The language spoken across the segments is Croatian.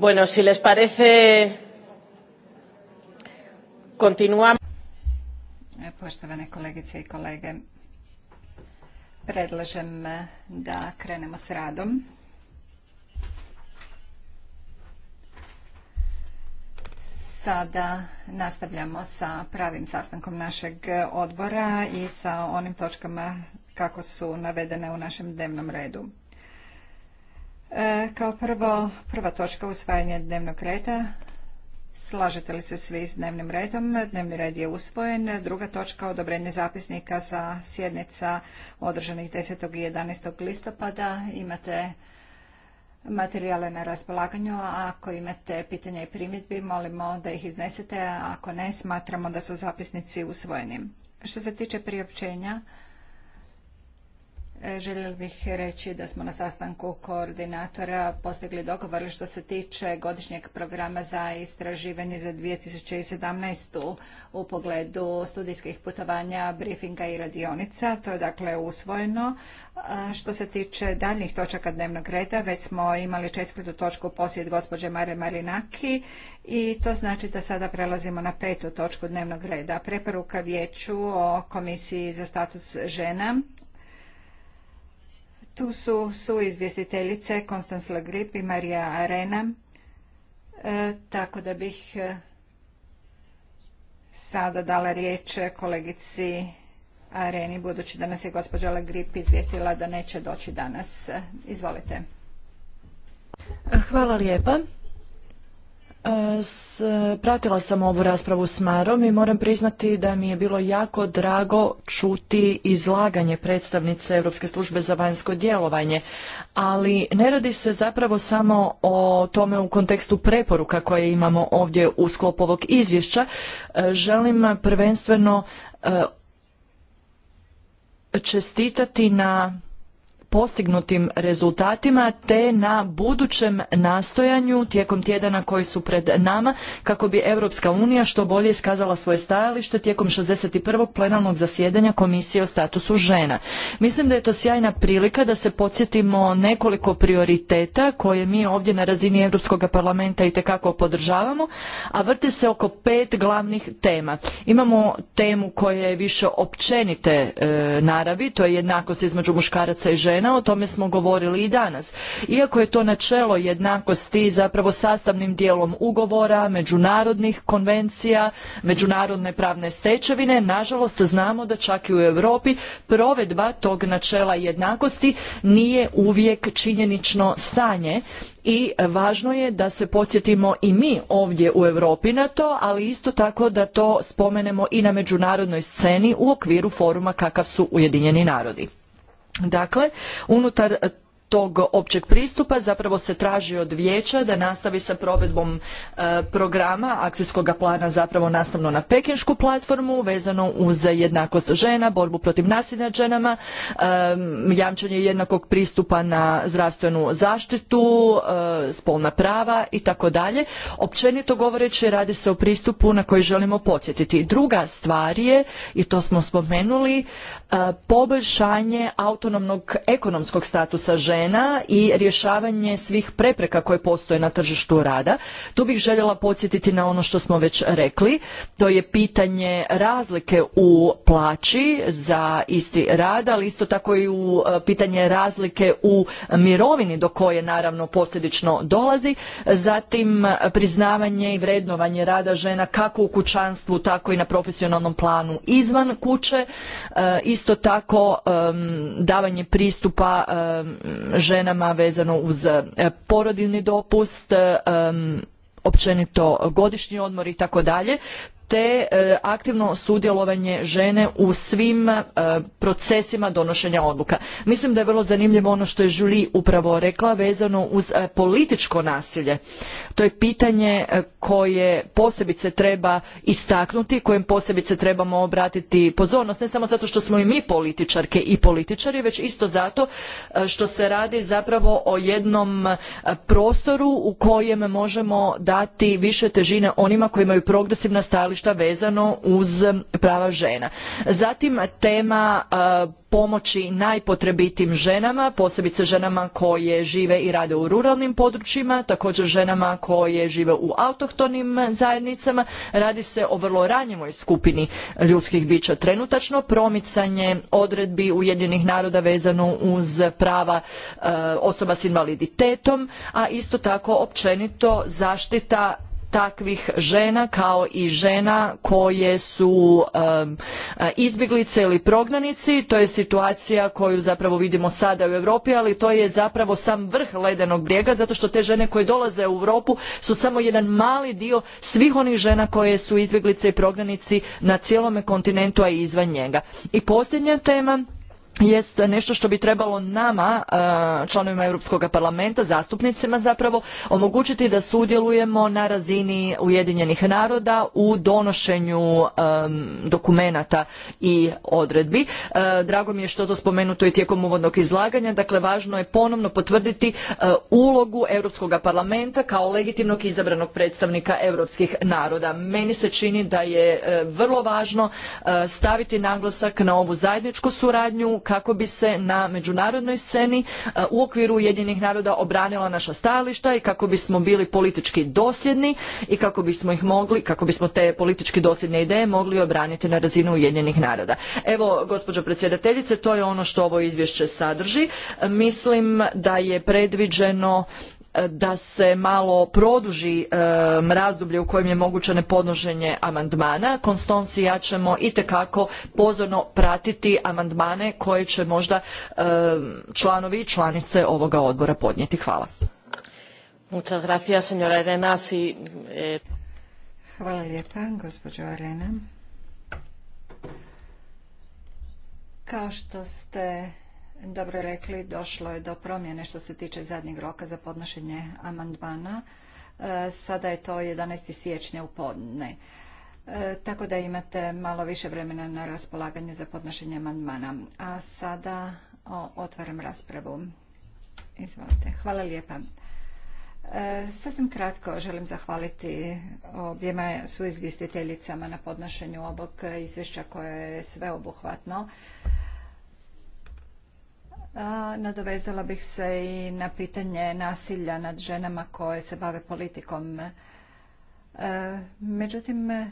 Bueno, si les parece, continuamos. E, poštovane kolegice i kolege, predlažem e, da krenemo s radom. Sada nastavljamo sa pravim sastankom našeg odbora i sa onim točkama kako su navedene u našem dnevnom redu. E, kao prvo, prva točka usvajanja dnevnog reda. Slažete li se svi s dnevnim redom? Dnevni red je usvojen. Druga točka, odobrenje zapisnika sa sjednica održanih 10. i 11. listopada. Imate materijale na raspolaganju. Ako imate pitanja i primjedbi, molimo da ih iznesete. Ako ne, smatramo da su zapisnici usvojeni. Što se tiče priopćenja, Željela bih reći da smo na sastanku koordinatora postigli dogovor što se tiče godišnjeg programa za istraživanje za 2017. u pogledu studijskih putovanja, briefinga i radionica. To je dakle usvojeno. Što se tiče daljnjih točaka dnevnog reda, već smo imali četvrtu točku posjet gospođe Mare Marinaki i to znači da sada prelazimo na petu točku dnevnog reda. Preporuka vijeću o Komisiji za status žena tu su, su izvjestiteljice Konstans Lagrip i Marija Arena, e, tako da bih e, sada dala riječ kolegici Areni, budući da nas je gospođa Lagrip izvijestila da neće doći danas. E, izvolite. Hvala lijepa. E, pratila sam ovu raspravu s Marom i moram priznati da mi je bilo jako drago čuti izlaganje predstavnice Europske službe za vanjsko djelovanje, ali ne radi se zapravo samo o tome u kontekstu preporuka koje imamo ovdje u sklopu ovog izvješća. E, želim prvenstveno e, čestitati na postignutim rezultatima te na budućem nastojanju tijekom tjedana koji su pred nama kako bi Europska unija što bolje iskazala svoje stajalište tijekom 61. plenarnog zasjedanja Komisije o statusu žena. Mislim da je to sjajna prilika da se podsjetimo nekoliko prioriteta koje mi ovdje na razini Europskog parlamenta i podržavamo, a vrte se oko pet glavnih tema. Imamo temu koja je više općenite e, naravi, to je jednakost između muškaraca i žena, žena, o tome smo govorili i danas. Iako je to načelo jednakosti zapravo sastavnim dijelom ugovora, međunarodnih konvencija, međunarodne pravne stečevine, nažalost znamo da čak i u Europi provedba tog načela jednakosti nije uvijek činjenično stanje i važno je da se podsjetimo i mi ovdje u Europi na to, ali isto tako da to spomenemo i na međunarodnoj sceni u okviru foruma kakav su Ujedinjeni narodi. Dakle, unutar tog općeg pristupa zapravo se traži od vijeća da nastavi sa provedbom e, programa akcijskog plana zapravo nastavno na pekinšku platformu vezano uz jednakost žena, borbu protiv nasilja nad ženama, e, jednakog pristupa na zdravstvenu zaštitu, e, spolna prava i tako dalje. Općenito govoreći radi se o pristupu na koji želimo podsjetiti. Druga stvar je, i to smo spomenuli, poboljšanje autonomnog ekonomskog statusa žena žena i rješavanje svih prepreka koje postoje na tržištu rada. Tu bih željela podsjetiti na ono što smo već rekli. To je pitanje razlike u plaći za isti rad, ali isto tako i u e, pitanje razlike u mirovini do koje naravno posljedično dolazi. Zatim priznavanje i vrednovanje rada žena kako u kućanstvu, tako i na profesionalnom planu izvan kuće. E, isto tako davanje pristupa ženama vezano uz e, porodiljni dopust, e, općenito godišnji odmor i tako dalje te e, aktivno sudjelovanje žene u svim e, procesima donošenja odluka. Mislim da je vrlo zanimljivo ono što je Julie upravo rekla vezano uz e, političko nasilje. To je pitanje koje posebice treba istaknuti, kojem posebice trebamo obratiti pozornost, ne samo zato što smo i mi političarke i političari, već isto zato što se radi zapravo o jednom prostoru u kojem možemo dati više težine onima koji imaju progresivna stajališta što vezano uz prava žena. Zatim tema e, pomoći najpotrebitim ženama, posebice ženama koje žive i rade u ruralnim područjima, također ženama koje žive u autohtonim zajednicama. Radi se o vrlo ranjivoj skupini ljudskih bića trenutačno. Promicanje odredbi Ujedinjenih naroda vezano uz prava e, osoba s invaliditetom, a isto tako općenito zaštita takvih žena kao i žena koje su izbjeglice ili prognanici. To je situacija koju zapravo vidimo sada u Europi, ali to je zapravo sam vrh ledenog brijega zato što te žene koje dolaze u Europu su samo jedan mali dio svih onih žena koje su izbjeglice i prognanici na cijelome kontinentu, a i izvan njega. I posljednja tema jest nešto što bi trebalo nama, e, članovima Europskog parlamenta, zastupnicima zapravo, omogućiti da sudjelujemo na razini Ujedinjenih naroda u donošenju dokumenata i odredbi. E, drago mi je što to spomenuto i tijekom uvodnog izlaganja, dakle važno je ponovno potvrditi e, ulogu Europskog parlamenta kao legitimnog izabranog predstavnika europskih naroda. Meni se čini da je vrlo važno staviti naglasak na ovu zajedničku suradnju kako bi se na međunarodnoj sceni e, u okviru Ujedinjenih naroda obranila naša stajališta i kako bismo bili politički dosljedni i kako bismo ih mogli, kako bismo te politički dosljedne ideje mogli obraniti na razinu Ujedinjenih naroda. Evo, gospođo predsjedateljice, to je ono što ovo izvješće sadrži. Mislim da je predviđeno da se malo produži razdoblje u kojem je moguće nepodnošenje amandmana. Konstons i ja ćemo itekako pozorno pratiti amandmane koje će možda članovi i članice ovoga odbora podnijeti. Hvala. Eh, Hvala lijepa, Kao što ste dobro rekli, došlo je do promjene što se tiče zadnjeg roka za podnošenje amandmana. E, sada je to 11. siječnja u podne. E, tako da imate malo više vremena na raspolaganju za podnošenje amandmana. A sada otvaram raspravu. Izvolite. Hvala lijepa. E, sasvim kratko želim zahvaliti objema suizvjestiteljicama na podnošenju ovog izvješća koje je sveobuhvatno. Nadovezala bih se i na pitanje nasilja nad ženama koje se bave politikom. E, međutim, e,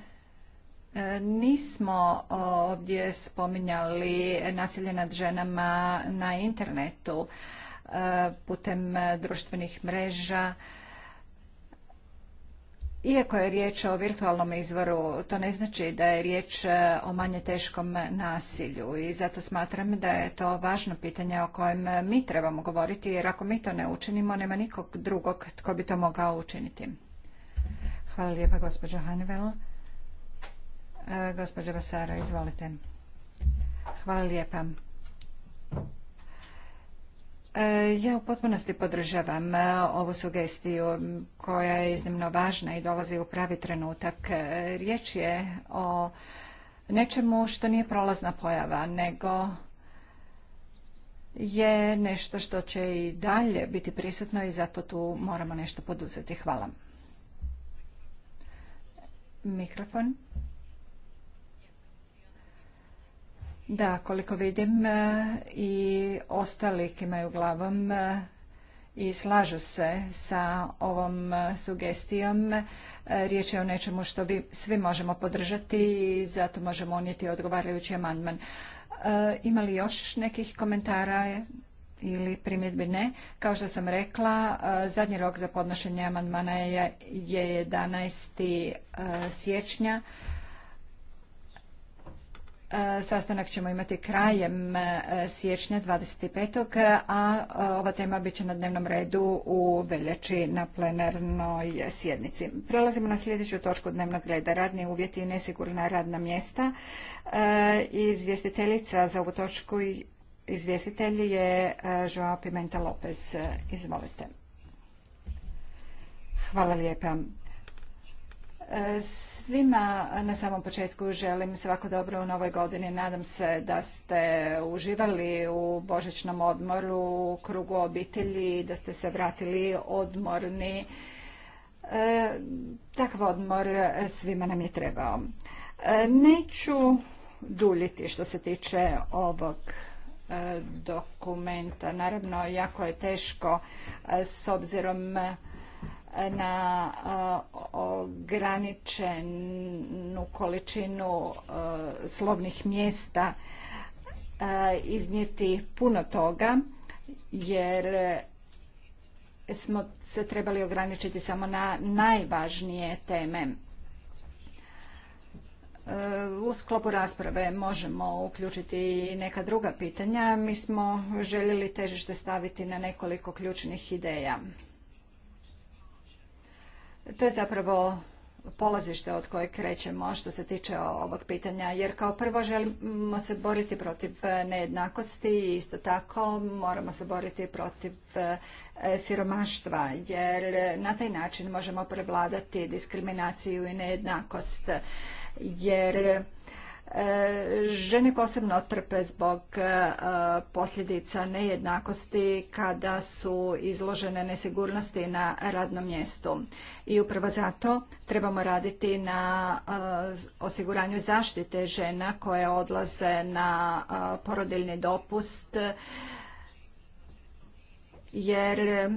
nismo ovdje spominjali nasilje nad ženama na internetu e, putem društvenih mreža iako je riječ o virtualnom izvoru, to ne znači da je riječ e, o manje teškom nasilju i zato smatram da je to važno pitanje o kojem mi trebamo govoriti jer ako mi to ne učinimo, nema nikog drugog tko bi to mogao učiniti. Hvala lijepa, gospođo Hanivel. E, gospođo Vasara, izvolite. Hvala lijepa. E, ja u potpunosti podržavam e, ovu sugestiju koja je iznimno važna i dolazi u pravi trenutak. E, riječ je o nečemu što nije prolazna pojava, nego je nešto što će i dalje biti prisutno i zato tu moramo nešto poduzeti. Hvala. Mikrofon. Da, koliko vidim e, i ostali imaju glavom e, i slažu se sa ovom e, sugestijom. Riječ je o nečemu što vi svi možemo podržati i zato možemo unijeti odgovarajući amandman. Ima li još nekih komentara ili primjedbi ne? Kao što sam rekla, zadnji rok za podnošenje amandmana je 11. siječnja. E, sastanak ćemo imati krajem e, siječnja 25. a ova tema bit će na dnevnom redu u veljači na plenarnoj sjednici. Prelazimo na sljedeću točku dnevnog reda. Radni uvjeti i nesigurna radna mjesta. E, izvjestiteljica za ovu točku izvjestitelj je Joao Pimenta Lopez. Izvolite. Hvala lijepa. E, svima na samom početku želim svako dobro u novoj godini. Nadam se da ste uživali u božićnom odmoru, u krugu obitelji, da ste se vratili odmorni. E, takav odmor svima nam je trebao. E, neću duljiti što se tiče ovog dokumenta. Naravno, jako je teško s obzirom na e, ograničenu količinu e, slovnih mjesta e, iznijeti puno toga jer smo se trebali ograničiti samo na najvažnije teme. U sklopu rasprave možemo uključiti i neka druga pitanja. Mi smo željeli težište staviti na nekoliko ključnih ideja. To je zapravo polazište od kojeg krećemo što se tiče ovog pitanja, jer kao prvo želimo se boriti protiv e, nejednakosti i isto tako moramo se boriti protiv e, siromaštva, jer na taj način možemo prevladati diskriminaciju i nejednakost, jer E, žene posebno trpe zbog e, posljedica nejednakosti kada su izložene nesigurnosti na radnom mjestu. I upravo zato trebamo raditi na e, osiguranju zaštite žena koje odlaze na porodiljni dopust jer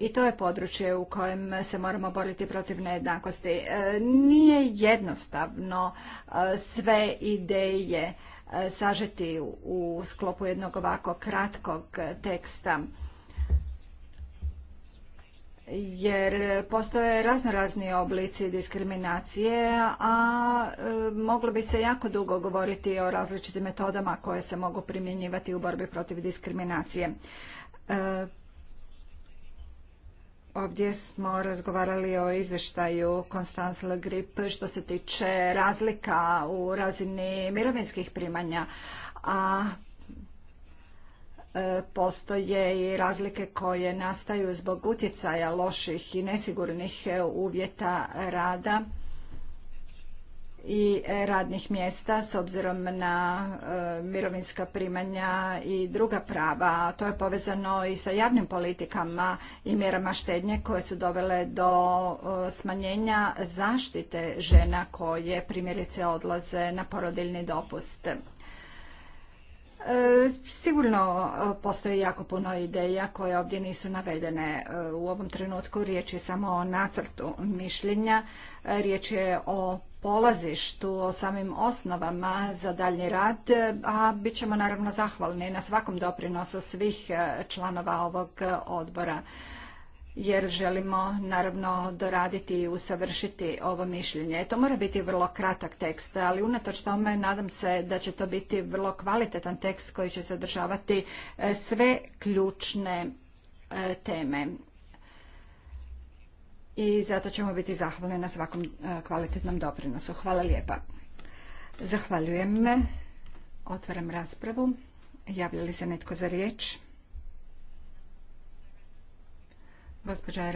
i to je područje u kojem se moramo boriti protiv nejednakosti. E, nije jednostavno e, sve ideje e, sažeti u sklopu jednog ovako kratkog teksta jer postoje raznorazni oblici diskriminacije, a moglo bi se jako dugo govoriti o različitim metodama koje se mogu primjenjivati u borbi protiv diskriminacije. Ovdje smo razgovarali o izvještaju Constance Le Grip što se tiče razlika u razini mirovinskih primanja, a e, postoje i razlike koje nastaju zbog utjecaja loših i nesigurnih uvjeta rada i e, radnih mjesta s obzirom na e, mirovinska primanja i druga prava. To je povezano i sa javnim politikama i mjerama štednje koje su dovele do e, smanjenja zaštite žena koje primjerice odlaze na porodiljni dopust. E, sigurno e, postoje jako puno ideja koje ovdje nisu navedene. E, u ovom trenutku riječ je samo o nacrtu mišljenja, riječ je o polazištu, o samim osnovama za daljnji rad, a bit ćemo naravno zahvalni na svakom doprinosu svih članova ovog odbora jer želimo naravno doraditi i usavršiti ovo mišljenje. To mora biti vrlo kratak tekst, ali unatoč tome nadam se da će to biti vrlo kvalitetan tekst koji će sadržavati e, sve ključne e, teme. I zato ćemo biti zahvalni na svakom e, kvalitetnom doprinosu. Hvala lijepa. Zahvaljujem. Otvaram raspravu. Javlja li se netko za riječ? Gospođa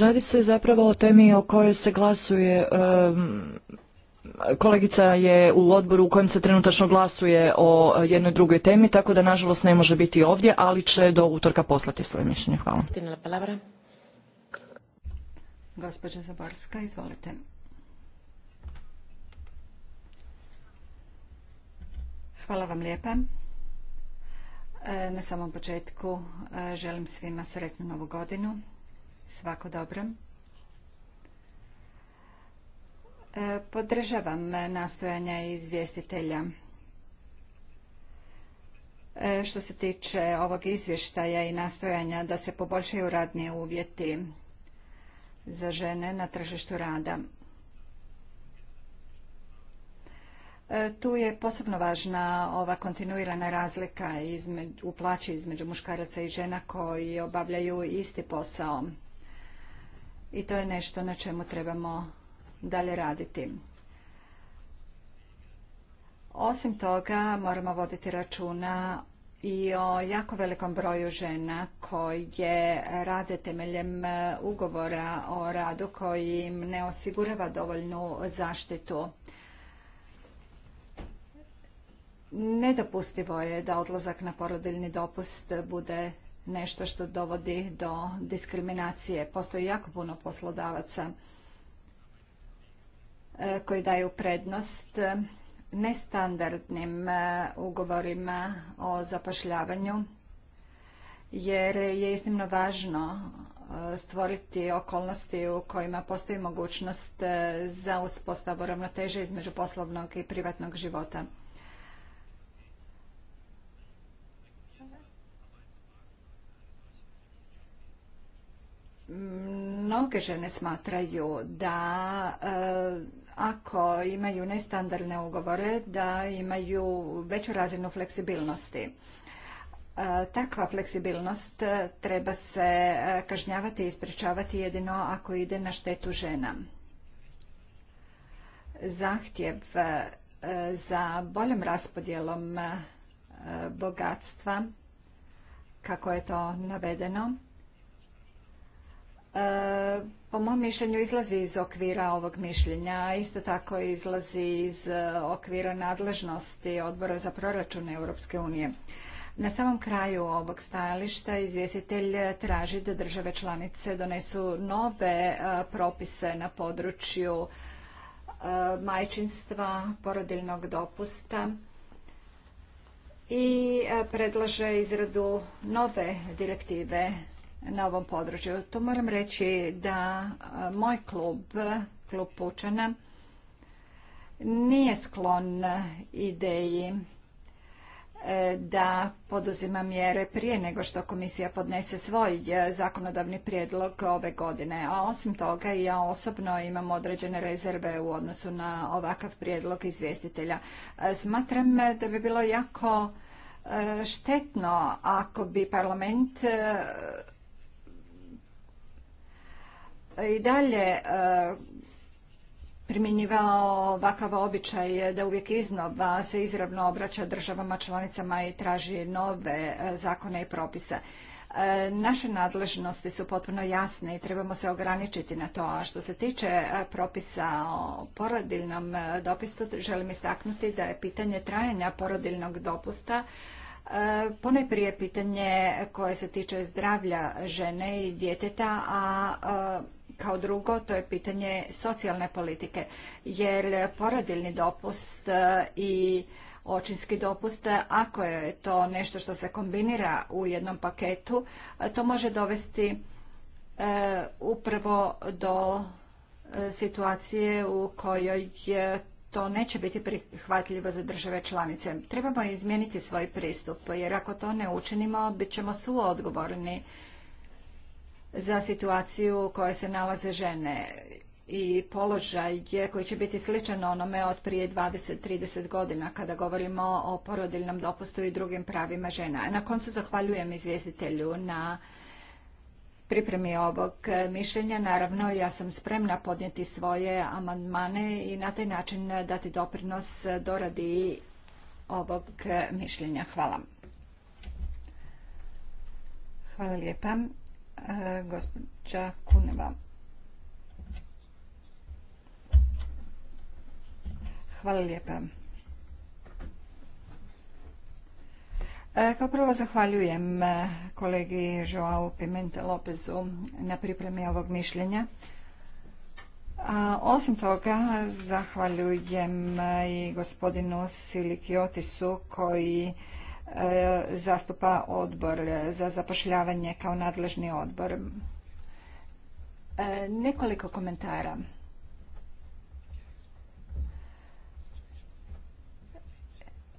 Radi se zapravo o temi o kojoj se glasuje kolegica je u odboru u kojem se trenutačno glasuje o jednoj drugoj temi, tako da nažalost ne može biti ovdje, ali će do utorka poslati svoje mišljenje. Hvala. Gospođa Zaborska, izvolite. Hvala vam lijepa. E, na samom početku e, želim svima sretnu novu godinu. Svako dobro. E, podržavam nastojanja izvjestitelja što se tiče ovog izvještaja i nastojanja da se poboljšaju radni uvjeti za žene na tržištu rada. Tu je posebno važna ova kontinuirana razlika u plaći između muškaraca i žena koji obavljaju isti posao. I to je nešto na čemu trebamo dalje raditi. Osim toga, moramo voditi računa i o jako velikom broju žena koje rade temeljem e, ugovora o radu koji im ne osigurava dovoljnu zaštitu Nedopustivo je da odlazak na porodiljni dopust bude nešto što dovodi do diskriminacije. Postoji jako puno poslodavaca e, koji daju prednost nestandardnim e, ugovorima o zapošljavanju jer je iznimno važno e, stvoriti okolnosti u kojima postoji mogućnost za uspostavu ravnoteže između poslovnog i privatnog života. mnoge žene smatraju da e, ako imaju nestandardne ugovore da imaju veću razinu fleksibilnosti. E, takva fleksibilnost treba se e, kažnjavati i ispričavati jedino ako ide na štetu žena. Zahtjev za boljom raspodjelom bogatstva, kako je to navedeno, E, po mom mišljenju izlazi iz okvira ovog mišljenja, isto tako izlazi iz e, okvira nadležnosti odbora za proračun Europske unije. Na samom kraju ovog stajališta izvjestitelj traži da države članice donesu nove e, propise na području majčinstva, porodiljnog dopusta i predlaže izradu nove direktive na ovom području. Tu moram reći da moj klub, klub Pučana, nije sklon ideji e, da poduzima mjere prije nego što komisija podnese svoj e, zakonodavni prijedlog ove godine. A osim toga ja osobno imam određene rezerve u odnosu na ovakav prijedlog izvjestitelja. E, smatram da bi bilo jako štetno ako bi parlament i dalje e, primjenjivao ovakav običaj da uvijek iznova se izravno obraća državama članicama i traži nove e, zakone i propise. E, naše nadležnosti su potpuno jasne i trebamo se ograničiti na to. A što se tiče propisa o porodilnom dopustu, želim istaknuti da je pitanje trajanja porodilnog dopusta prije pitanje koje se tiče zdravlja žene i djeteta, a kao drugo, to je pitanje socijalne politike, jer porodiljni dopust e, i očinski dopust, e, ako je to nešto što se kombinira u jednom paketu, e, to može dovesti upravo do situacije u kojoj to neće biti prihvatljivo za države članice. Trebamo izmijeniti svoj pristup, jer ako to ne učinimo, bit ćemo suodgovorni za situaciju u kojoj se nalaze žene i položaj koji će biti sličan onome od prije 20-30 godina kada govorimo o porodiljnom dopustu i drugim pravima žena. Na koncu zahvaljujem izvjestitelju na pripremi ovog mišljenja. Naravno, ja sam spremna podnijeti svoje amandmane i na taj način dati doprinos doradi ovog mišljenja. Hvala. Hvala lijepa gospođa Kuneva. Hvala lijepa. E, kao prvo zahvaljujem e, kolegi Joao Pimente Lopezu na pripremi ovog mišljenja. osim toga, zahvaljujem e, i gospodinu Silikiotisu koji E, zastupa odbor za zapošljavanje kao nadležni odbor. E, nekoliko komentara.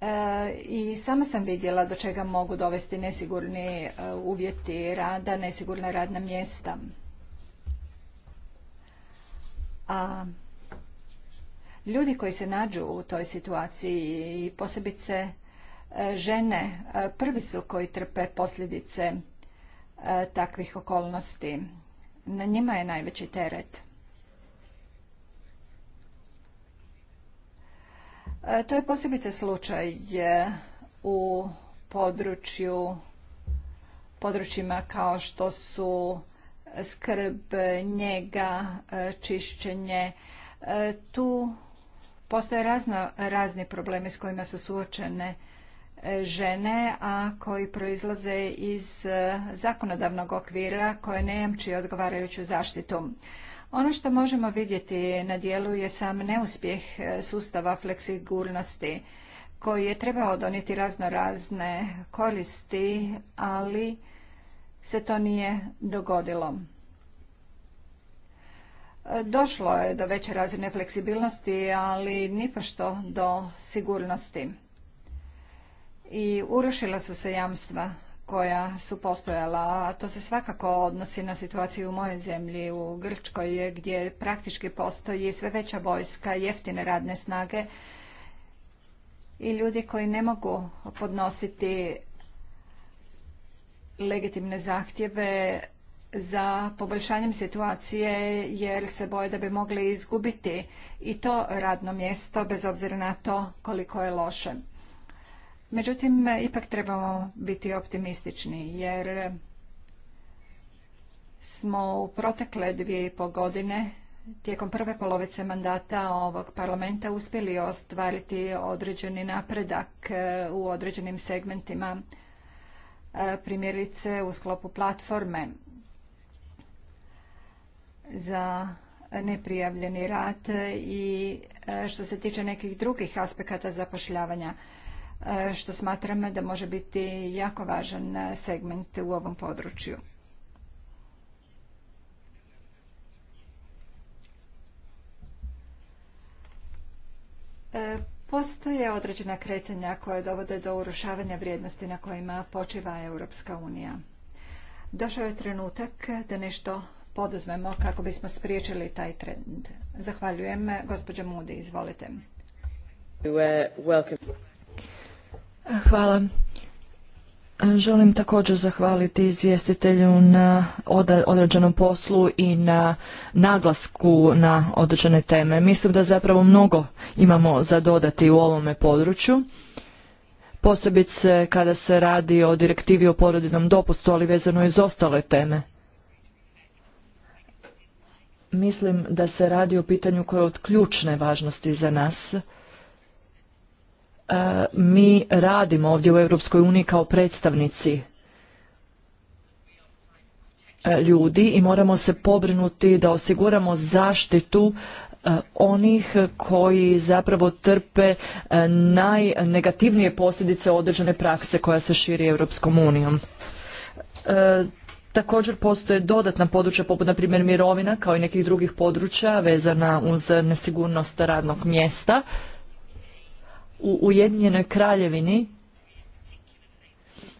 E, I sama sam vidjela do čega mogu dovesti nesigurni uvjeti rada, nesigurna radna mjesta. A ljudi koji se nađu u toj situaciji i posebice E, žene e, prvi su koji trpe posljedice e, takvih okolnosti. Na njima je najveći teret. To je posebice slučaj u području, područjima kao što su skrb, njega, čišćenje. Tu postoje razni problemi s kojima su suočene žene, a koji proizlaze iz e, zakonodavnog okvira koje ne jamči odgovarajuću zaštitu. Ono što možemo vidjeti na dijelu je sam neuspjeh e, sustava fleksigurnosti koji je trebao donijeti razno razne koristi, ali se to nije dogodilo. E, došlo je do veće razine fleksibilnosti, ali nipošto do sigurnosti i urušila su se jamstva koja su postojala, a to se svakako odnosi na situaciju u mojoj zemlji, u Grčkoj, gdje praktički postoji sve veća vojska, jeftine radne snage i ljudi koji ne mogu podnositi legitimne zahtjeve za poboljšanjem situacije jer se boje da bi mogli izgubiti i to radno mjesto bez obzira na to koliko je loše. Međutim, ipak trebamo biti optimistični jer smo u protekle dvije i godine tijekom prve polovice mandata ovog parlamenta uspjeli ostvariti određeni napredak eh, u određenim segmentima, eh, primjerice u sklopu platforme za neprijavljeni rad i eh, što se tiče nekih drugih aspekata zapošljavanja. E, što smatram da može biti jako važan e, segment u ovom području. E, postoje određena kretanja koje dovode do urušavanja vrijednosti na kojima počiva Europska unija. Došao je trenutak da nešto poduzmemo kako bismo spriječili taj trend. Zahvaljujem. Gospođa Mudi, izvolite. Uh, Hvala. Želim također zahvaliti izvjestitelju na određenom poslu i na naglasku na određene teme. Mislim da zapravo mnogo imamo za dodati u ovome području posebice kada se radi o direktivi o porodinom dopustu, ali vezano iz ostale teme. Mislim da se radi o pitanju koje je od ključne važnosti za nas E, mi radimo ovdje u Europskoj uniji kao predstavnici e, ljudi i moramo se pobrinuti da osiguramo zaštitu e, onih koji zapravo trpe najnegativnije posljedice određene prakse koja se širi Europskom unijom. Također postoje dodatna područja poput na primjer mirovina kao i nekih drugih područja vezana uz nesigurnost radnog mjesta u Ujedinjenoj kraljevini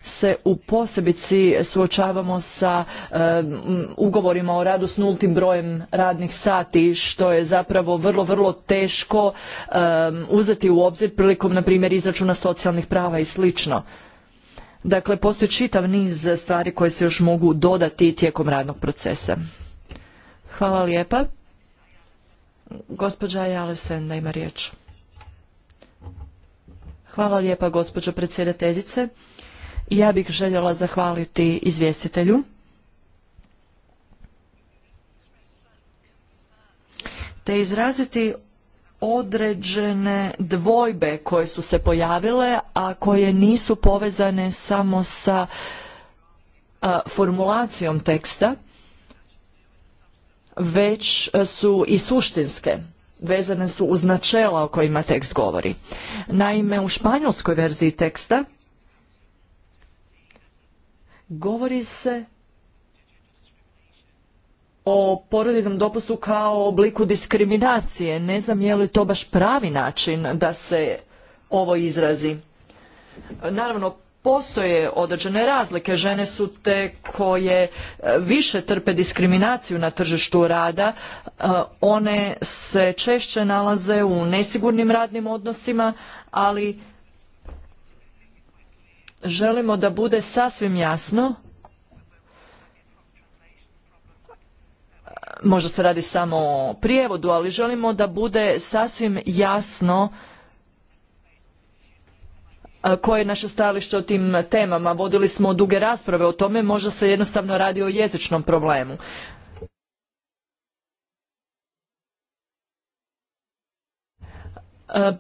se u posebici suočavamo sa ugovorima o radu s nultim brojem radnih sati što je zapravo vrlo vrlo teško uzeti u obzir prilikom na primjer izračuna socijalnih prava i slično. Dakle, postoji čitav niz stvari koje se još mogu dodati tijekom radnog procesa. Hvala lijepa. Gospođa Jalesen da ima riječ. Hvala lijepa gospođo predsjedateljice. Ja bih željela zahvaliti izvjestitelju. Te izraziti određene dvojbe koje su se pojavile, a koje nisu povezane samo sa formulacijom teksta, već su i suštinske vezane su uz načela o kojima tekst govori. Naime, u španjolskoj verziji teksta govori se o porodinom dopustu kao obliku diskriminacije. Ne znam je li to baš pravi način da se ovo izrazi. Naravno, postoje određene razlike. Žene su te koje e, više trpe diskriminaciju na tržištu rada, e, one se češće nalaze u nesigurnim radnim odnosima, ali želimo da bude sasvim jasno možda se radi samo o prijevodu, ali želimo da bude sasvim jasno koje je naše stajalište o tim temama. Vodili smo duge rasprave o tome, možda se jednostavno radi o jezičnom problemu.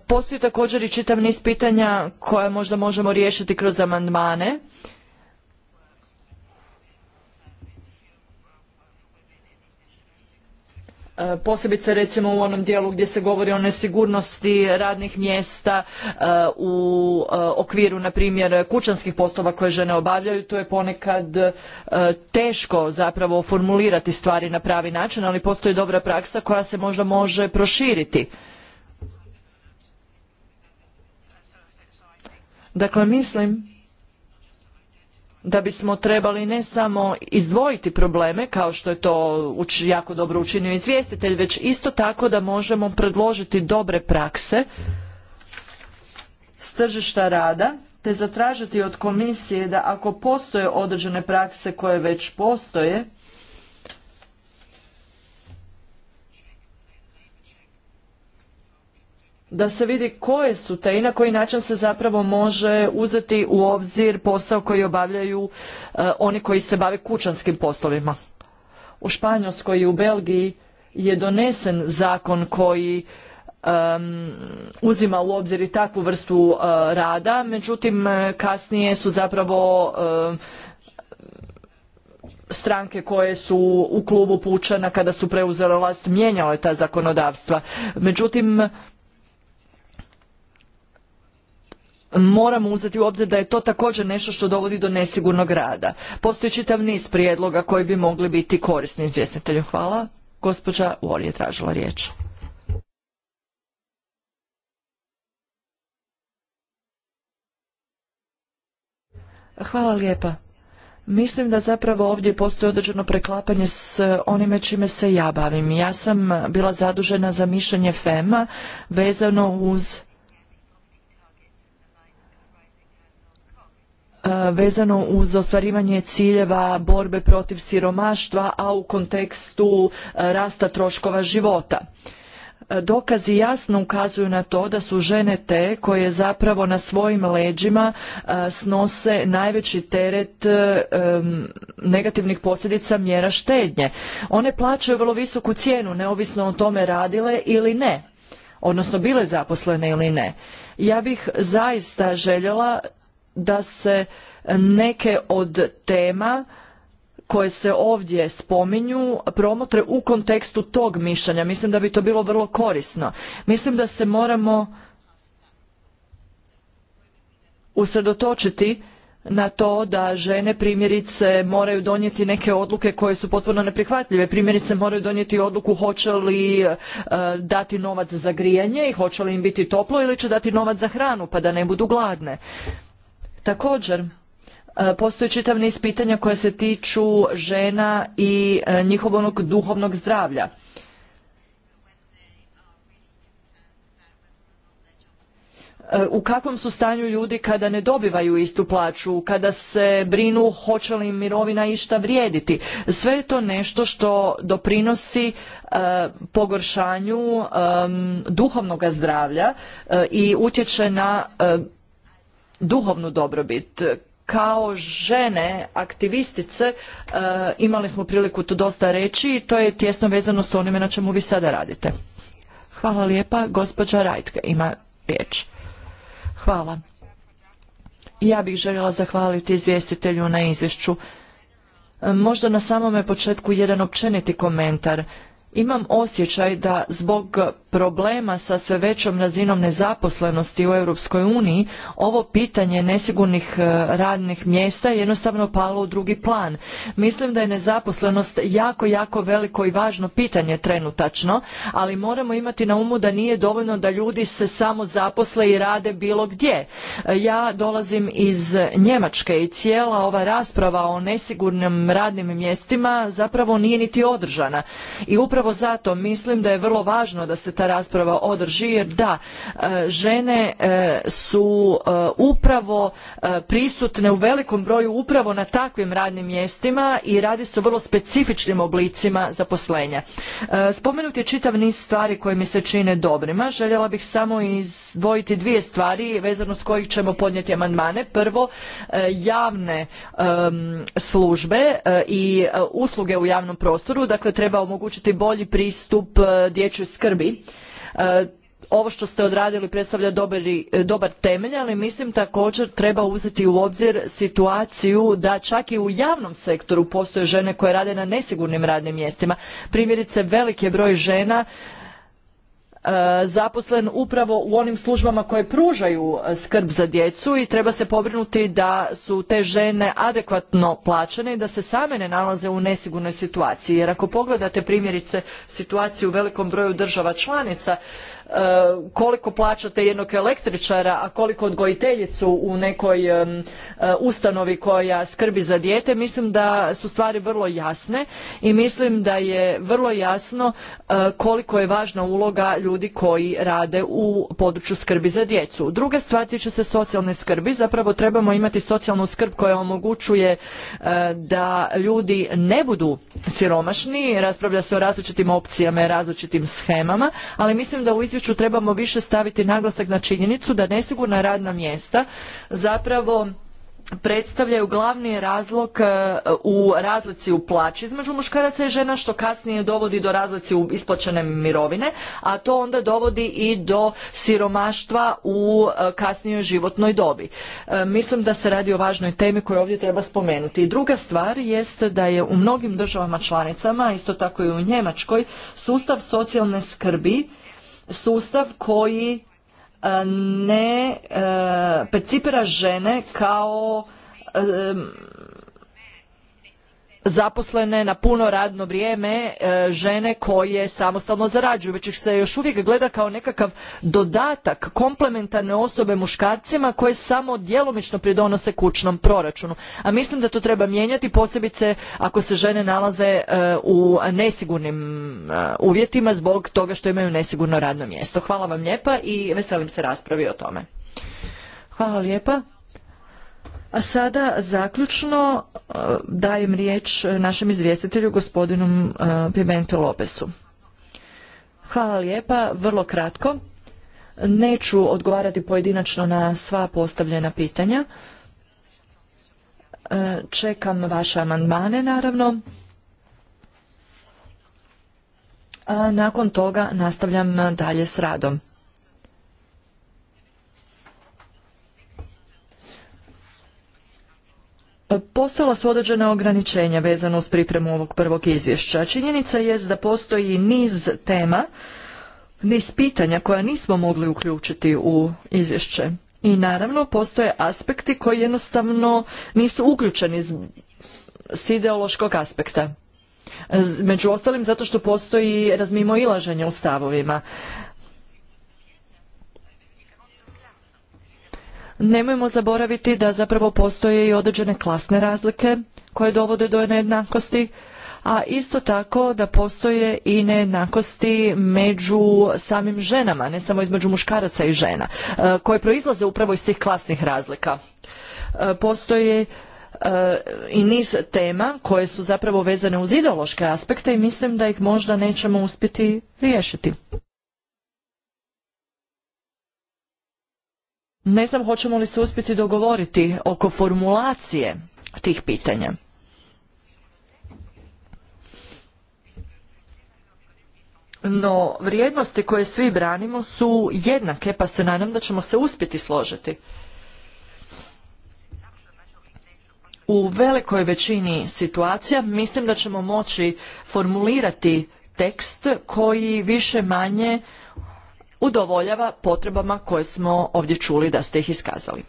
Postoji također i čitav niz pitanja koja možda možemo riješiti kroz amandmane. E, posebice recimo u onom dijelu gdje se govori o nesigurnosti radnih mjesta e, u e, okviru na primjer kućanskih poslova koje žene obavljaju to je ponekad teško zapravo formulirati stvari na pravi način ali postoji dobra praksa koja se možda može proširiti dakle mislim da bismo trebali ne samo izdvojiti probleme kao što je to jako dobro učinio izvjestitelj već isto tako da možemo predložiti dobre prakse s tržišta rada te zatražiti od komisije da ako postoje određene prakse koje već postoje da se vidi koje su te i na koji način se zapravo može uzeti u obzir posao koji obavljaju e, oni koji se bave kućanskim poslovima. U Španjolskoj i u Belgiji je donesen zakon koji uzima u obzir i takvu vrstu e, rada, međutim e, kasnije su zapravo stranke koje su u klubu pučana kada su preuzele vlast mijenjale ta zakonodavstva. Međutim, moramo uzeti u obzir da je to također nešto što dovodi do nesigurnog rada. Postoji čitav niz prijedloga koji bi mogli biti korisni izvjestitelju. Hvala. Gospođa Wall je tražila riječ. Hvala lijepa. Mislim da zapravo ovdje postoji određeno preklapanje s onime čime se ja bavim. Ja sam bila zadužena za mišljenje FEMA vezano uz E, vezano uz ostvarivanje ciljeva borbe protiv siromaštva, a u kontekstu e, rasta troškova života. E, dokazi jasno ukazuju na to da su žene te koje zapravo na svojim leđima snose najveći teret negativnih posljedica mjera štednje. One plaćaju vrlo visoku cijenu neovisno o tome radile ili ne odnosno bile zaposlene ili ne. Ja bih zaista željela da se neke od tema koje se ovdje spominju promotre u kontekstu tog mišljenja. Mislim da bi to bilo vrlo korisno. Mislim da se moramo usredotočiti na to da žene primjerice moraju donijeti neke odluke koje su potpuno neprihvatljive. Primjerice moraju donijeti odluku hoće li e, dati novac za grijanje i hoće li im biti toplo ili će dati novac za hranu pa da ne budu gladne. Također, e, postoji čitav niz pitanja koja se tiču žena i e, njihovog duhovnog zdravlja. E, u kakvom su stanju ljudi kada ne dobivaju istu plaću, kada se brinu hoće li mirovina išta vrijediti. Sve je to nešto što doprinosi pogoršanju duhovnog zdravlja i utječe na duhovnu dobrobit. Kao žene, aktivistice, e, imali smo priliku to dosta reći i to je tjesno vezano s onime na čemu vi sada radite. Hvala lijepa. Gospođa Rajtka ima riječ. Hvala. Ja bih željela zahvaliti izvjestitelju na izvješću. E, možda na samome početku jedan općeniti komentar. Imam osjećaj da zbog problema sa sve većom razinom nezaposlenosti u Europskoj uniji, ovo pitanje nesigurnih e, radnih mjesta jednostavno palo u drugi plan. Mislim da je nezaposlenost jako, jako veliko i važno pitanje trenutačno, ali moramo imati na umu da nije dovoljno da ljudi se samo zaposle i rade bilo gdje. E, ja dolazim iz Njemačke i cijela ova rasprava o nesigurnim radnim mjestima zapravo nije niti održana. I upravo zato mislim da je vrlo važno da se ta rasprava održi jer da e, žene e, su e, upravo prisutne u velikom broju upravo na takvim radnim mjestima i radi se o vrlo specifičnim oblicima zaposlenja. Spomenut je čitav niz stvari koje mi se čine dobrima. Željela bih samo izdvojiti dvije stvari vezano s kojih ćemo podnijeti amandmane. Prvo, javne službe i usluge u javnom prostoru. Dakle, treba omogućiti bolji pristup dječjoj skrbi E, ovo što ste odradili predstavlja e, dobar, temelj, ali mislim također treba uzeti u obzir situaciju da čak i u javnom sektoru postoje žene koje rade na nesigurnim radnim mjestima. Primjerice, veliki je broj žena E, zaposlen upravo u onim službama koje pružaju e, skrb za djecu i treba se pobrinuti da su te žene adekvatno plaćene i da se same ne nalaze u nesigurnoj situaciji jer ako pogledate primjerice situaciju u velikom broju država članica E, koliko plaćate jednog električara, a koliko odgojiteljicu u nekoj e, e, ustanovi koja skrbi za dijete, mislim da su stvari vrlo jasne i mislim da je vrlo jasno koliko je važna uloga ljudi koji rade u području skrbi za djecu. Druga stvar tiče se socijalne skrbi, zapravo trebamo imati socijalnu skrb koja omogućuje da ljudi ne budu siromašni, raspravlja se o različitim opcijama i različitim shemama, ali mislim da u izvješću trebamo više staviti naglasak na činjenicu da nesigurna radna mjesta zapravo predstavljaju glavni razlog e, u razlici u plaći između muškaraca i žena što kasnije dovodi do razlici u isplaćene mirovine, a to onda dovodi i do siromaštva u e, kasnijoj životnoj dobi. E, mislim da se radi o važnoj temi koju ovdje treba spomenuti. I druga stvar jest da je u mnogim državama članicama, isto tako i u Njemačkoj, sustav socijalne skrbi sustav koji e, ne e, percipira žene kao e, zaposlene na puno radno vrijeme e, žene koje samostalno zarađuju, već ih se još uvijek gleda kao nekakav dodatak komplementarne osobe muškarcima koje samo djelomično pridonose kućnom proračunu. A mislim da to treba mijenjati posebice ako se žene nalaze e, u nesigurnim e, uvjetima zbog toga što imaju nesigurno radno mjesto. Hvala vam lijepa i veselim se raspravi o tome. Hvala lijepa. A sada zaključno e, dajem riječ našem izvjestitelju gospodinu e, Pimentu Lopesu. Hvala lijepa, vrlo kratko. Neću odgovarati pojedinačno na sva postavljena pitanja. E, čekam vaše amandmane naravno. A nakon toga nastavljam dalje s radom. Postojala su određena ograničenja vezano uz pripremu ovog prvog izvješća. Činjenica je da postoji niz tema, niz pitanja koja nismo mogli uključiti u izvješće. I naravno postoje aspekti koji jednostavno nisu uključeni s ideološkog aspekta. Među ostalim zato što postoji razmimo ilaženje u stavovima. Nemojmo zaboraviti da zapravo postoje i određene klasne razlike koje dovode do nejednakosti, a isto tako da postoje i nejednakosti među samim ženama, ne samo između muškaraca i žena, e, koje proizlaze upravo iz tih klasnih razlika. E, postoje e, i niz tema koje su zapravo vezane uz ideološke aspekte i mislim da ih možda nećemo uspjeti riješiti. Ne znam hoćemo li se uspjeti dogovoriti oko formulacije tih pitanja. No, vrijednosti koje svi branimo su jednake, pa se nadam da ćemo se uspjeti složiti. U velikoj većini situacija mislim da ćemo moći formulirati tekst koji više manje udovoljava potrebama koje smo ovdje čuli da ste ih iskazali.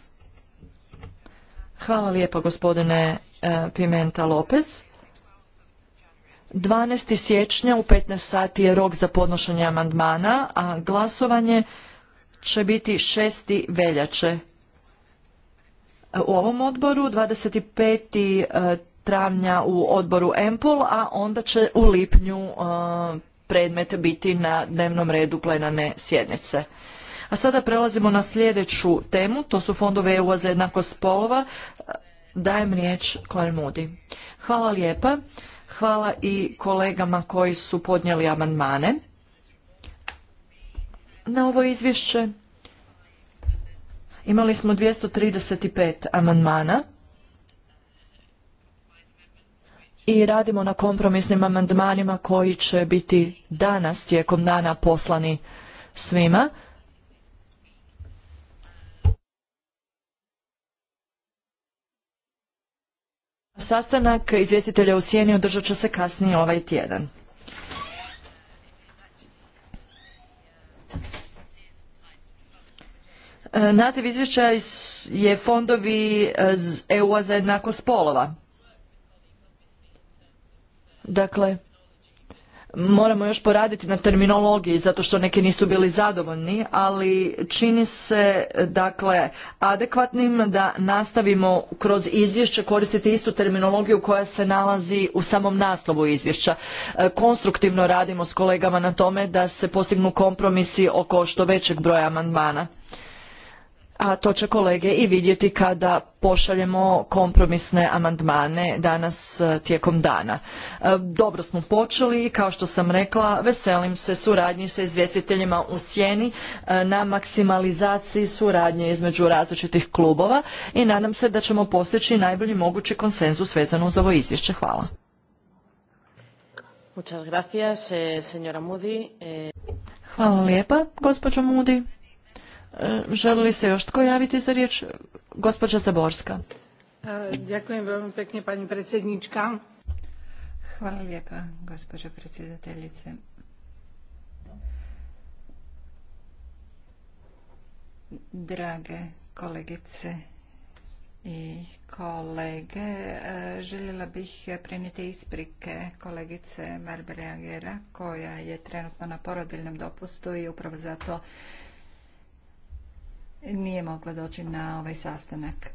Hvala lijepo gospodine e, Pimenta Lopez. 12. siječnja u 15 sati je rok za podnošenje amandmana, a glasovanje će biti 6. veljače u ovom odboru, 25. E, travnja u odboru EMPOL, a onda će u lipnju e, predmet biti na dnevnom redu plenarne sjednice. A sada prelazimo na sljedeću temu, to su fondove EU za jednakost spolova. Dajem riječ Claire Moody. Hvala lijepa. Hvala i kolegama koji su podnijeli amandmane na ovo izvješće. Imali smo 235 amandmana i radimo na kompromisnim amandmanima koji će biti danas tijekom dana poslani svima. Sastanak izvjestitelja u Sijeni održat će se kasnije ovaj tjedan. E, naziv izvješća je fondovi EU-a e za jednakost spolova. Dakle, moramo još poraditi na terminologiji zato što neki nisu bili zadovoljni, ali čini se dakle adekvatnim da nastavimo kroz izvješće koristiti istu terminologiju koja se nalazi u samom naslovu izvješća. E, konstruktivno radimo s kolegama na tome da se postignu kompromisi oko što većeg broja amandmana a to će kolege i vidjeti kada pošaljemo kompromisne amandmane danas e, tijekom dana. E, dobro smo počeli i kao što sam rekla veselim se suradnji sa izvjestiteljima u sjeni e, na maksimalizaciji suradnje između različitih klubova i nadam se da ćemo postići najbolji mogući konsenzus vezano uz ovo izvješće. Hvala. Eh, eh, Hvala lijepa, gospođo Moody. E, želi li se još tko javiti za riječ? Gospođa Zaborska. E, Ďakujem veľmi pekne, pani predsednička. Hvala lijepa, gospođo predsjedateljice. Drage kolegice i kolege, e, željela bih prenijeti isprike kolegice Marbele Angera, koja je trenutno na porodiljnom dopustu i upravo zato nije mogla doći na ovaj sastanak.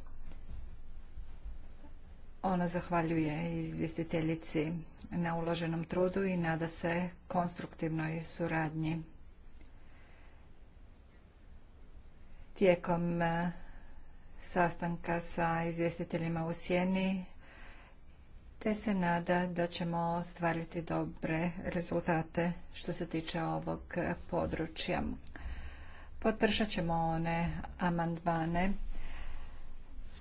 Ona zahvaljuje izvjestiteljici na uloženom trudu i nada se konstruktivnoj suradnji. Tijekom eh, sastanka sa izvjestiteljima u Sjeni te se nada da ćemo ostvariti dobre rezultate što se tiče ovog područja. Podržat ćemo one amandmane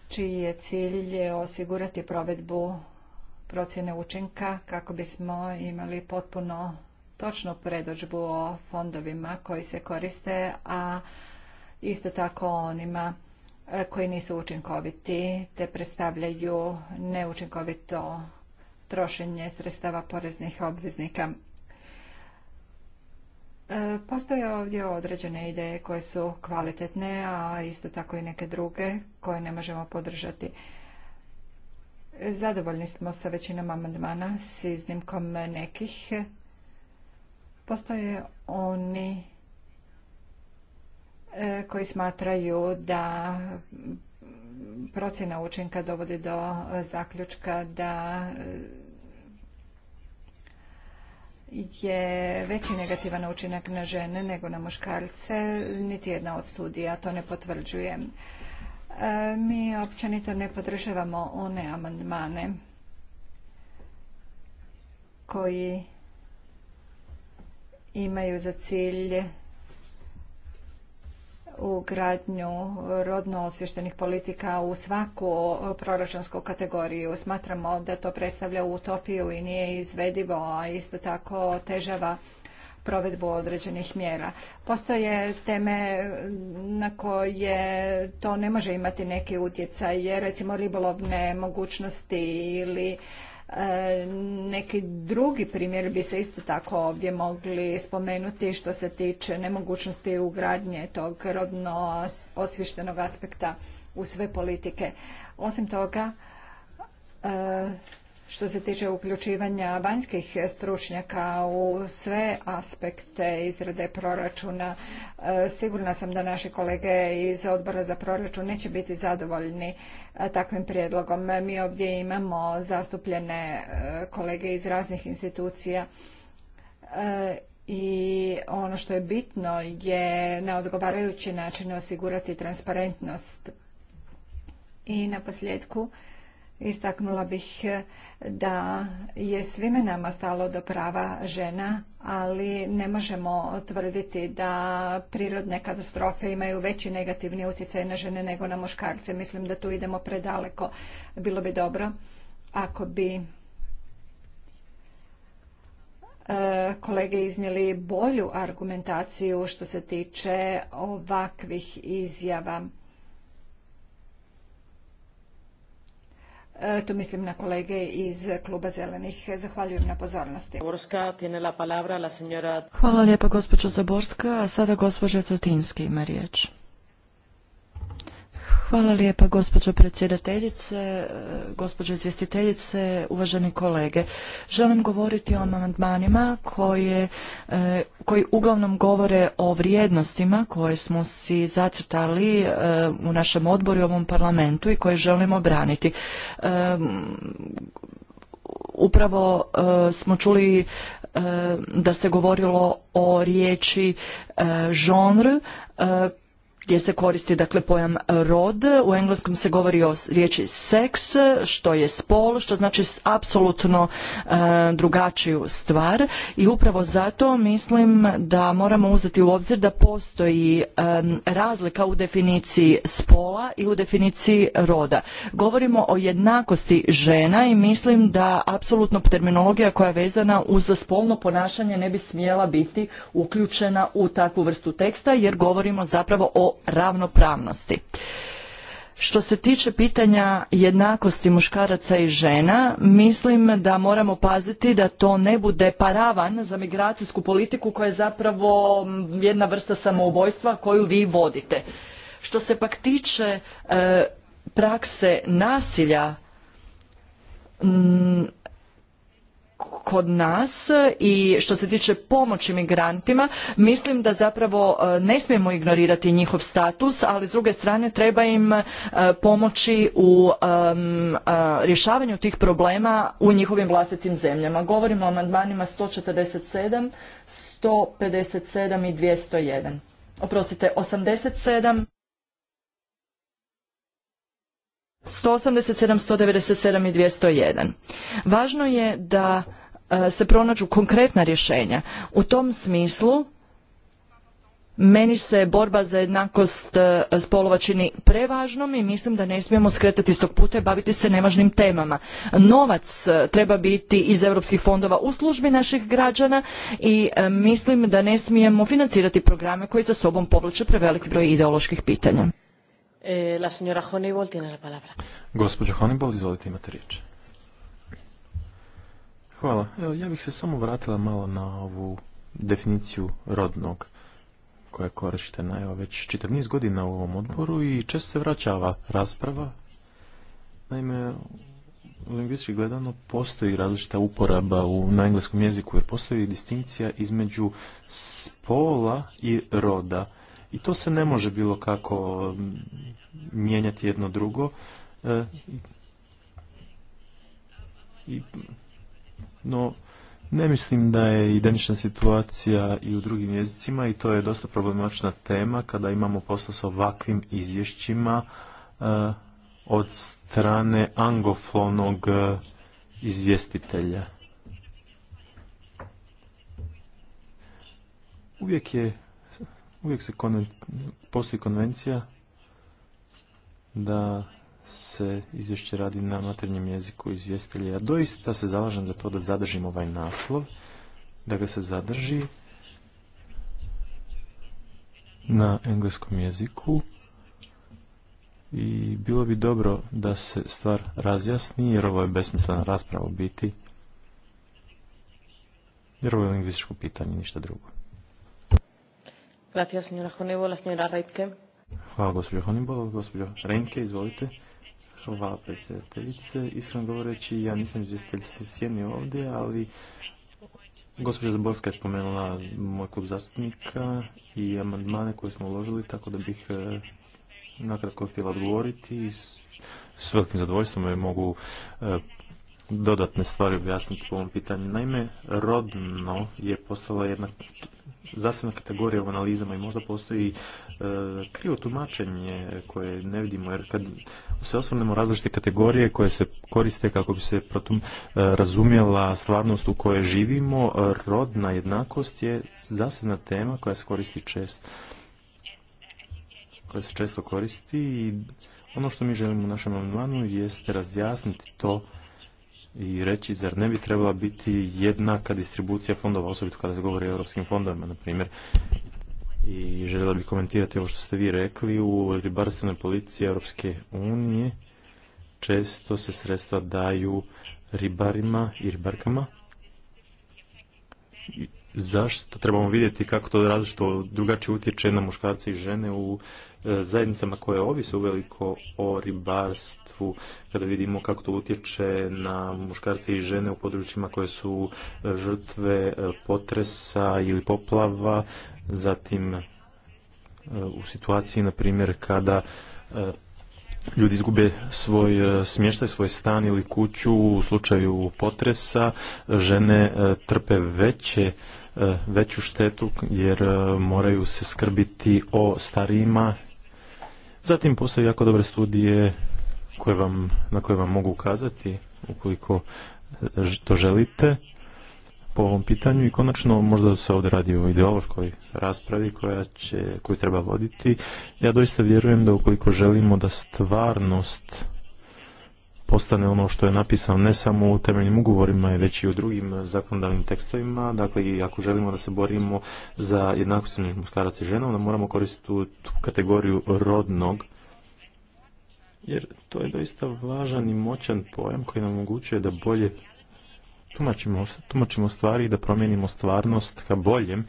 čiji je cilj osigurati provedbu procjene učinka kako bismo imali potpuno točnu predođbu o fondovima koji se koriste, a isto tako onima e, koji nisu učinkoviti te predstavljaju neučinkovito trošenje sredstava poreznih obveznika. E, postoje ovdje određene ideje koje su kvalitetne, a isto tako i neke druge koje ne možemo podržati. Zadovoljni smo sa većinom amandmana, s iznimkom nekih. Postoje oni e, koji smatraju da procjena učinka dovodi do zaključka da je veći negativan učinak na žene nego na muškarce, niti jedna od studija to ne potvrđuje. E, mi općenito ne podržavamo one amandmane koji imaju za cilj ugradnju rodno osvještenih politika u svaku proračunsku kategoriju. Smatramo da to predstavlja utopiju i nije izvedivo, a isto tako težava provedbu određenih mjera. Postoje teme na koje to ne može imati neki utjecaj, recimo ribolovne mogućnosti ili E, neki drugi primjer bi se isto tako ovdje mogli spomenuti što se tiče nemogućnosti ugradnje tog rodno osvištenog aspekta u sve politike. Osim toga, e, što se tiče uključivanja vanjskih stručnjaka u sve aspekte izrade proračuna. E, sigurna sam da naše kolege iz odbora za proračun neće biti zadovoljni e, takvim prijedlogom. Mi ovdje imamo zastupljene e, kolege iz raznih institucija i ono što je bitno je na odgovarajući način osigurati transparentnost. I na posljedku, Istaknula bih e, da je svime nama stalo do prava žena, ali ne možemo tvrditi da prirodne katastrofe imaju veći negativni utjecaj na žene nego na muškarce. Mislim da tu idemo predaleko. Bilo bi dobro ako bi e, kolege iznijeli bolju argumentaciju što se tiče ovakvih izjava. E, tu mislim na kolege iz Kluba Zelenih. Zahvaljujem na pozornosti. Hvala lijepa gospođo Zaborska, a sada gospođa Trotinski ima riječ. Hvala lijepa gospođo predsjedateljice, gospođo izvjestiteljice, uvaženi kolege. Želim govoriti o amandmanima e, koji uglavnom govore o vrijednostima koje smo si zacrtali e, u našem odboru i ovom parlamentu i koje želimo braniti. E, upravo smo čuli da se govorilo o riječi žonr gdje se koristi dakle pojam rod. U engleskom se govori o riječi sex, što je spol, što znači apsolutno e, drugačiju stvar i upravo zato mislim da moramo uzeti u obzir da postoji razlika u definiciji spola i u definiciji roda. Govorimo o jednakosti žena i mislim da apsolutno terminologija koja je vezana uz spolno ponašanje ne bi smjela biti uključena u takvu vrstu teksta jer govorimo zapravo o ravnopravnosti. Što se tiče pitanja jednakosti muškaraca i žena, mislim da moramo paziti da to ne bude paravan za migracijsku politiku koja je zapravo jedna vrsta samoubojstva koju vi vodite. Što se pak tiče e, prakse nasilja, kod nas i što se tiče pomoći migrantima, mislim da zapravo e, ne smijemo ignorirati njihov status, ali s druge strane treba im e, pomoći u e, rješavanju tih problema u njihovim vlastitim zemljama. Govorimo o amandmanima 147, 157 i 201. Oprostite, 87, 187, 197 i 201. Važno je da e, se pronađu konkretna rješenja. U tom smislu meni se borba za jednakost e, spolova čini prevažnom i mislim da ne smijemo skretati s tog puta i baviti se nevažnim temama. Novac e, treba biti iz europskih fondova u službi naših građana i mislim da ne smijemo financirati programe koji za sobom povlače preveliki broj ideoloških pitanja. E, la signora Honeyball tiene la palabra. izvolite, imate riječ. Hvala. Evo, ja bih se samo vratila malo na ovu definiciju rodnog koja je korištena evo, već čitav niz godina u ovom odboru i često se vraćava rasprava. Naime, lingvistički gledano postoji različita uporaba u, na engleskom jeziku jer postoji distinkcija između spola i roda. I to se ne može bilo kako mijenjati jedno drugo. E, I, no, ne mislim da je identična situacija i u drugim jezicima i to je dosta problematična tema kada imamo posla s ovakvim izvješćima e, od strane angoflonog e, izvjestitelja. Uvijek je Uvijek se postoji konvencija da se izvješće radi na maternjem jeziku izvjestitelja. Ja doista se zalažem za to da zadržim ovaj naslov, da ga se zadrži na engleskom jeziku i bilo bi dobro da se stvar razjasni jer ovo je besmislena rasprava u biti jer ovo je lingvističko pitanje, ništa drugo. Hvala, gospođo Gospođo Renke, izvolite. Hvala, predsjedateljice. Iskreno govoreći, ja nisam izvjestitelj se sjeni ovdje, ali Gospođa Zaborska je spomenula moj klub zastupnika i amandmane koje smo uložili, tako da bih eh, nakratko htjela odgovoriti i s velikim zadovoljstvom je mogu eh, dodatne stvari objasniti po ovom pitanju. Naime, rodno je postala jedna zasebna kategorija u analizama i možda postoji e, krivo tumačenje koje ne vidimo, jer kad se osvrnemo različite kategorije koje se koriste kako bi se protum, e, razumjela stvarnost u kojoj živimo, rodna jednakost je zasebna tema koja se koristi često koja se često koristi i ono što mi želimo u našem amandmanu jeste razjasniti to i reći zar ne bi trebala biti jednaka distribucija fondova, osobito kada se govori o europskim fondovima, na primjer. I željela bi komentirati ovo što ste vi rekli. U ribarstvenoj politici Europske unije često se sredstva daju ribarima i ribarkama. zašto? Trebamo vidjeti kako to različito drugačije utječe na muškarce i žene u E, zajednicama koje ovise veliko o ribarstvu, kada vidimo kako to utječe na muškarce i žene u područjima koje su žrtve e, potresa ili poplava, zatim e, u situaciji, na primjer, kada ljudi izgube svoj smještaj, svoj stan ili kuću u slučaju potresa, žene trpe veće veću štetu jer moraju se skrbiti o starijima Zatim postoje jako dobre studije koje vam, na koje vam mogu ukazati ukoliko e, to želite po ovom pitanju i konačno možda se ovdje radi o ideološkoj raspravi koja će, koju treba voditi. Ja doista vjerujem da ukoliko želimo da stvarnost postane ono što je napisano ne samo u temeljnim ugovorima, već i u drugim zakonodavnim tekstovima. Dakle, i ako želimo da se borimo za jednakost između muškaraca i žena, onda moramo koristiti tu, kategoriju rodnog, jer to je doista važan i moćan pojam koji nam omogućuje da bolje tumačimo, tumačimo stvari i da promijenimo stvarnost ka boljem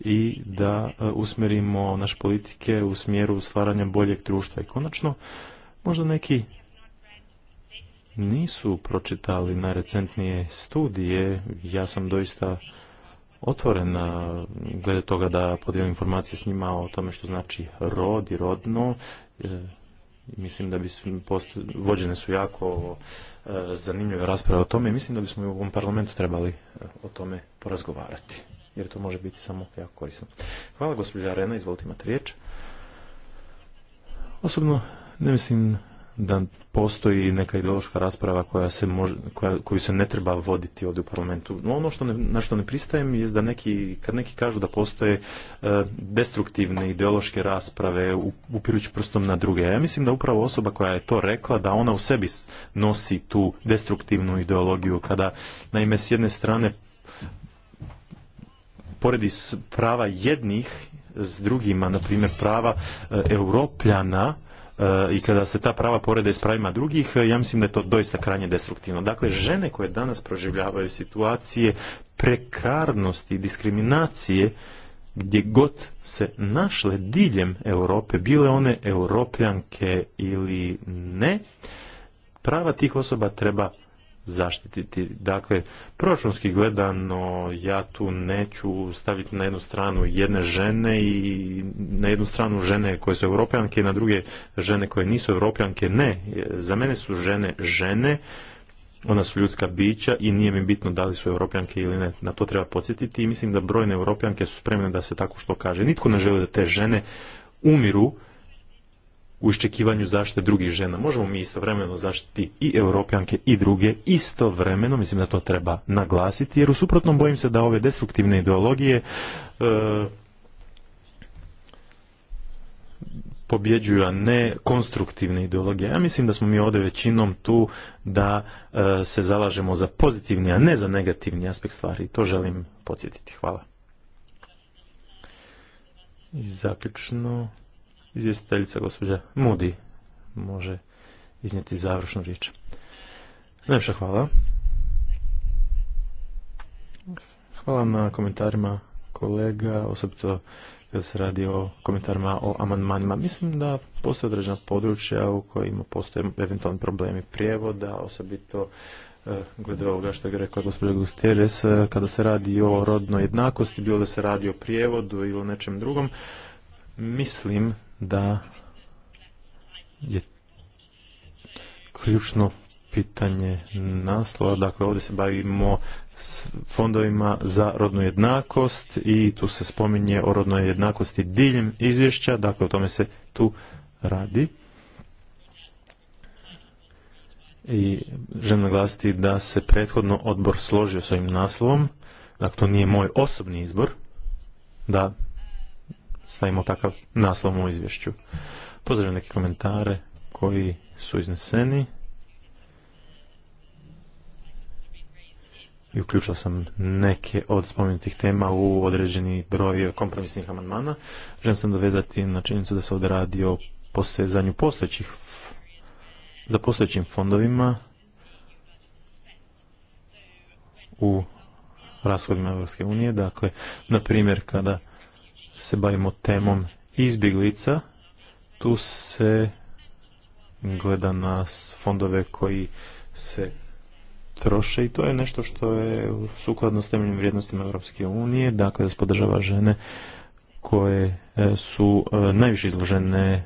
i da e, usmjerimo naše politike u smjeru stvaranja boljeg društva. I konačno, možda neki nisu pročitali najrecentnije studije, ja sam doista otvoren glede toga da podijelim informacije s njima o tome što znači rod i rodno. E, mislim da bi vođene su jako e, zanimljive rasprave o tome i mislim da bismo i u ovom parlamentu trebali e, o tome porazgovarati. Jer to može biti samo jako korisno. Hvala gospođa Arena, izvolite imati riječ. Osobno ne mislim da postoji neka ideološka rasprava koja se koja, koju se ne treba voditi ovdje u parlamentu. No ono što ne, na što ne pristajem je da neki, kad neki kažu da postoje e, destruktivne ideološke rasprave upirući prstom na druge. Ja mislim da upravo osoba koja je to rekla da ona u sebi nosi tu destruktivnu ideologiju kada naime s jedne strane poredi prava jednih s drugima, na primjer prava e, europljana E, i kada se ta prava porede s pravima drugih, e, ja mislim da je to doista krajnje destruktivno. Dakle, žene koje danas proživljavaju situacije prekarnosti, diskriminacije, gdje god se našle diljem Europe, bile one europljanke ili ne, prava tih osoba treba zaštititi. Dakle, proračunski gledano ja tu neću staviti na jednu stranu jedne žene i na jednu stranu žene koje su europljanke i na druge žene koje nisu europljanke. Ne, za mene su žene žene, ona su ljudska bića i nije mi bitno da li su europljanke ili ne. Na to treba podsjetiti i mislim da brojne europljanke su spremne da se tako što kaže. Nitko ne želi da te žene umiru u iščekivanju zaštite drugih žena. Možemo mi istovremeno zaštiti i europljanke i druge istovremeno, mislim da to treba naglasiti, jer u suprotnom bojim se da ove destruktivne ideologije e, pobjeđuju, a ne konstruktivne ideologije. Ja mislim da smo mi ovdje većinom tu da e, se zalažemo za pozitivni, a ne za negativni aspekt stvari. To želim podsjetiti. Hvala. I zaključno, izvjestiteljica gospođa Mudi može iznijeti završnu riječ. Najviše hvala. Hvala na komentarima kolega, osobito kada se radi o komentarima o amandmanima. Mislim da postoje određena područja u kojima postoje eventualni problemi prijevoda, osobito eh, glede ovoga što je rekla gospođa Gusteres, eh, kada se radi o rodnoj jednakosti, bilo da se radi o prijevodu ili o nečem drugom, mislim da je ključno pitanje naslova. Dakle, ovdje se bavimo s fondovima za rodnu jednakost i tu se spominje o rodnoj jednakosti diljem izvješća, dakle o tome se tu radi. I želim naglasiti da se prethodno odbor složio s ovim naslovom, dakle to nije moj osobni izbor, da stavimo takav naslov u izvješću. Pozdravljam neke komentare koji su izneseni. i uključio sam neke od spomenutih tema u određeni broj kompromisnih amandmana. Želim sam dovezati na činjenicu da se ovdje radi o posezanju postojećih za postojećim fondovima u rashodima Europske unije. Dakle, na primjer, kada se bavimo temom izbjeglica, tu se gleda na fondove koji se troše i to je nešto što je sukladno s temeljnim vrijednostima Europske unije, dakle da se podržava žene koje e, su e, najviše izložene e,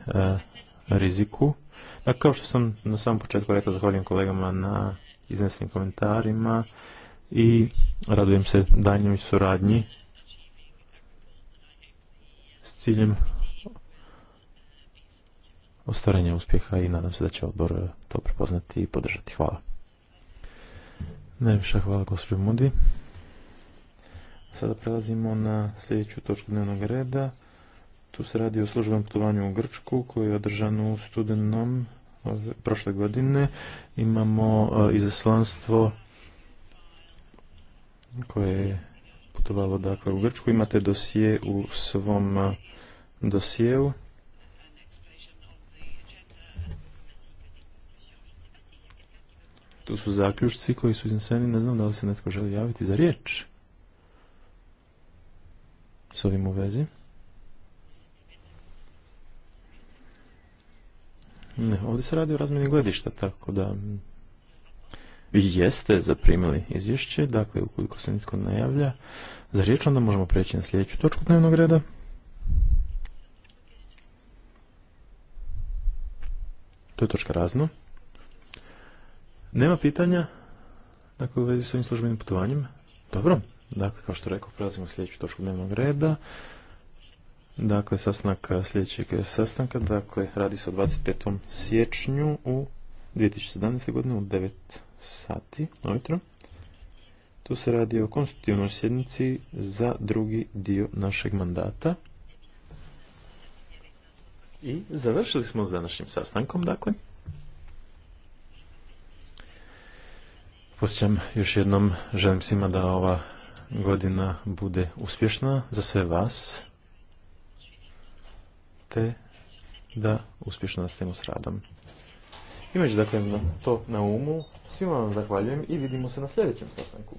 riziku. a kao što sam na samom početku rekao, zahvaljujem kolegama na iznesenim komentarima i radujem se daljnjoj suradnji s ciljem ostvarenja uspjeha i nadam se da će odbor eh, to prepoznati i podržati. Hvala. Najviše hvala gospođo Mudi. Sada prelazimo na sljedeću točku dnevnog reda. Tu se radi o službenom putovanju u Grčku koje je održano u studenom eh, prošle godine. Imamo eh, izaslanstvo koje je putovalo dakle u Grčku. Imate dosije u svom eh, dosijeu. Tu su zaključci koji su izneseni. Ne znam da li se netko želi javiti za riječ s ovim u vezi. Ne, ovdje se radi o razmjeni gledišta, tako da vi jeste zaprimili izvješće, dakle ukoliko se nitko ne javlja za riječ, onda možemo preći na sljedeću točku dnevnog reda. To je točka razno. Nema pitanja dakle, u vezi s ovim službenim putovanjem? Dobro, dakle, kao što rekao, prelazimo sljedeću točku dnevnog reda. Dakle, sastanak sljedećeg sastanka, dakle, radi se o 25. siječnju u 2017. godine u 9 sati ujutro. Tu se radi o konstitutivnoj sjednici za drugi dio našeg mandata. I završili smo s današnjim sastankom, dakle. Posjećam još jednom, želim svima da ova godina bude uspješna za sve vas, te da uspješno nastavimo s radom. Imajući dakle to na umu, svima vam zahvaljujem i vidimo se na sljedećem sastanku.